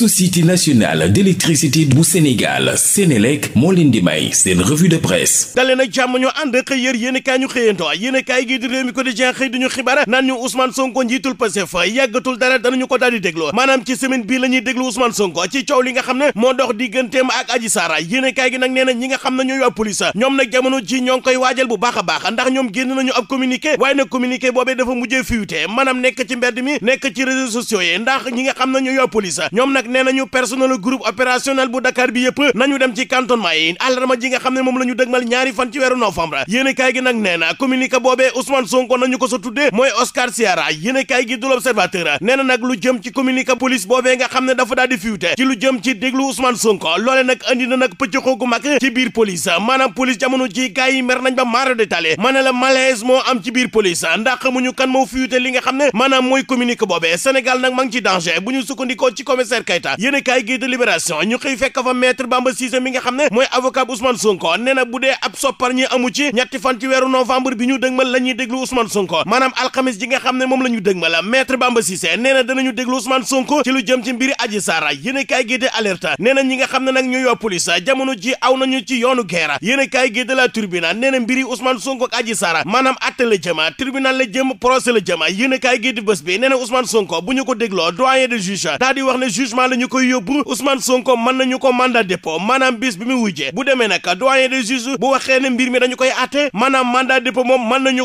société nationale d'électricité bu Sénégal Sénélec moo leen di may seen revue de presse dalee nag jàmm ñu ànd xëy yér yéen i kaay ñu xëyanto yéen i kaay gii di réew mi quotidien xëy duñu xibaar naan ñu Ousmane Sonko njiitul Pastef yàggatul dara danañu ko daal di déglu ci semaine bii la déglu Ousmane Sonko ci coow li nga xam ne moo dox digganteem ak Adji Sarr yéen gi nag nee na ñi nga xam ne ñooy waa police ñoom nag jamono ji ñoo ngi a baax ndax ñoom génn nañu ab communiqué waaye nag communiqué boobee dafa mujjee nee nañu personnel groupe opérationnel bu Dakar bi yëpp nañu dem ci cantonnement yi àllarba nga xam ne moom la ñu dëgmal ñaari fan ci weeru novembre yéene kaay gi nag nee na communiqué boobee Ousmane Sonko nañu ko sa tuddee mooy Oscar Siara yéene kaay gi du l'Observateur nee na nag lu jëm ci communiqué police boobee nga xam ne dafa daal di fuité ci lu jëm ci déglu Ousmane Sonko loole nag andi na nag pëccëxoo gu mag ci biir police maanaam ji gars yi mer ma ne la malaise moo am ci biir li nga xam ne maanaam mooy communiqué boobee Sénégal nag ma ngi ci danger bu ñu Keita yéen kaay gi de libération ñu xëy fekk fa maître Bamba Cissé mi nga xam ne mooy avocat bu Ousmane Sonko bu dee ab soppar ñi amu ci ñetti fan ci weeru novembre bi ñu dëgmal la ñuy déglu Ousmane Sonko maanaam alxamis ji nga xam ne moom la ñu dëgmal maître Bamba Cissé nee na danañu déglu Ousmane Sonko ci lu jëm ci mbiri Adji Sarr yéen kaay gi de alerte nee ñi nga xam ne nag ñu yoo police jamono ji aw nañu ci yoonu guerre yéen kaay gi de la Tribune nee na mbiri Ousmane Sonko ak Adji Sarr maanaam atte jugement la ñu koy yóbbu ko mandat dépôt maanaam bis bi mu wujjee bu demee nag doyen des juges bu waxee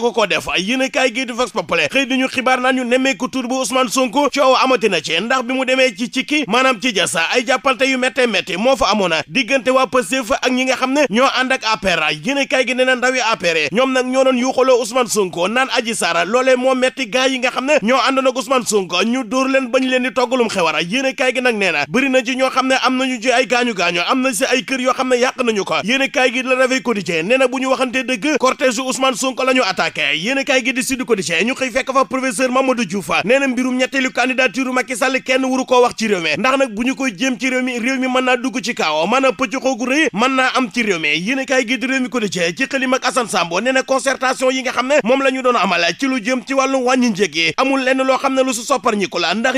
ko ko def yéen a kaay gii di Vox Populi xëy di ñu xibaar naan ñu nemmeeku tur bu Ousmane Sonko coow amati na ci ndax bi mu demee ci cikki maanaam ci jasa ay jàppante yu méttee métti moo fa amoon diggante waa Pastef ak ñi nga xam ne ñoo ànd ak a kaay gi nee na ndaw yi APR ñoom nag ñoo doon yuuxaloo Ousmane Sonko naan Adji Sarr loolee moo metti gaay yi nga xam ne ñoo àndoon ak Ousmane Sonko ñu dóor leen bañ leen di toggalum xewara yéen a gi nag nee na bëri na ci ñoo xam ne am nañu ci ay gaañu-gaañu am na si ay kër yoo xam ne yàq nañu ko yéene kaay gi la Réveil Quotidien nee na bu ñu waxantee dëgg cortège Ousmane Sonko la ñu attaqué yéene kaay gi di Sud ñu xëy fekk fa professeur Mamadou Diouf nee na mbirum ñetteelu candidature Macky Sall kenn waru wax ci réew ndax nag bu ñu koy jéem ci réew mi réew naa dugg ci kaaw mën naa pëcc rëy mën naa am ci réew mi yéene kaay gi di Réew la ñu doon amal ci lu jëm ci loo xam ne lu su sopparñiku la ndax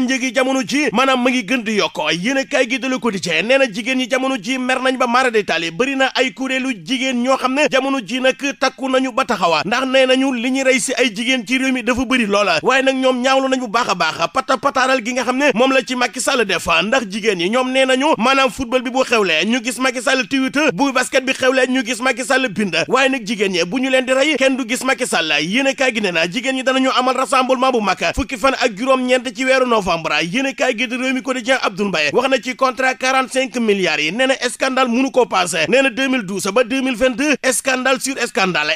yokko yéen a kaay gi de Le Quotidien nee na jigéen ñi jamono ji mer nañ ba mara détaali bëri na ay kuréelu jigéen ñoo xam ne jamono ji nag takku nañu ba taxawaa ndax nee nañu li ñu rey si ay jigéen ci réew dafa bëri loola waaye nag ñoom ñaawlu nañ bu baax a baax pata pataaral gi nga xam ne moom la ci Macky sal def ndax jigéen ñi ñoom nee nañu manaam football bi bu xewlee ñu gis Macky Sall tweet bu basket bi xewlee ñu gis Macky Sall bind waaye nag jigéen ñi bu ñu leen di rey kenn du gis Macky Sall yéen a kaay gi na jigéen ñi danañu amal rassemblement bu mag fukki fan ak juróom-ñeent ci weeru novembre yéen a kaay Abdoul wax na ci contrat 45 yi nee na scandale munu ko ba 2022 sur scandale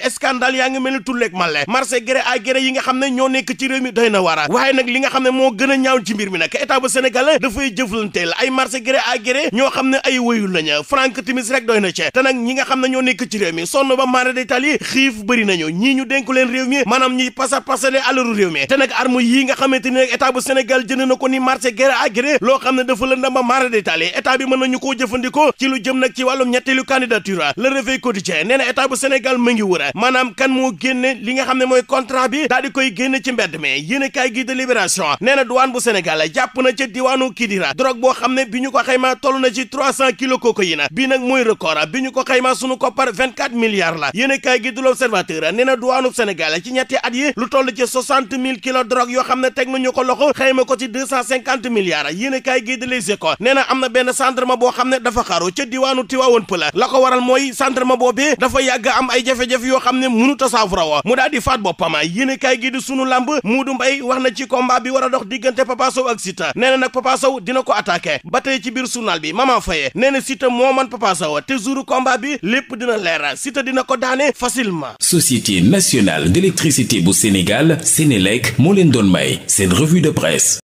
scandale yaa ngi mel ni tulleeg male marché gré à yi nga xam ne ñoo nekk ci réew mi doy na wara dafay jëflanteel ay marché gré à ñoo xam ne ay wéyul lañu Frank Timis rek doy na ci te nag ñi nga xam ne ñoo nekk ci réew mi sonn ba maara détal yi xiif bëri nañu ñii ñu dénku leen réew mi maanaam ñuy pasar pasare alalu réew mi te nag arme yi nga xamante ne dafa lëndam ba mara détaillé état bi mën nañu koo jëfandikoo ci lu jëm nag ci wàllum ñetteelu candidature le réveil quotidien nee na état bu Sénégal mu ngi wër kan moo génne li nga xam ne mooy contrat bi daal di koy génne ci mbedd mi yéen a gi de libération nee na douane bu Sénégal jàpp na ca diwaanu Kidira drogue boo xam ne bi ñu ko xaymaa toll na ci trois cent kilos cocaïne bii nag mooy record bi ñu ko xaymaa sunu koppar vingt quatre milliards la yéen a gi de gii di Les Échos nee na am na benn gendarme boo xam ne dafa xaru ca diwaanu Tivaouane Peulh la ko waral mooy gendarme boobee dafa yàgg am ay jafe-jafe yoo xam ne mënut a saafara wa mu daal di faat boppam yéene kaay gii di sunu làmb Modou Mbaye wax na ci combat bi war a dox diggante Papa Sow ak Siteu nee na nag Papa Sow dina ko attaqué ba tey ci biir journal bi Maman Faye nee na Siteu moo man Papa Sow te jouru combat bi lépp dina leer Siteu dina ko daane facilement Société nationale d'électricité bu Sénégal Sénélec moo leen doon may seen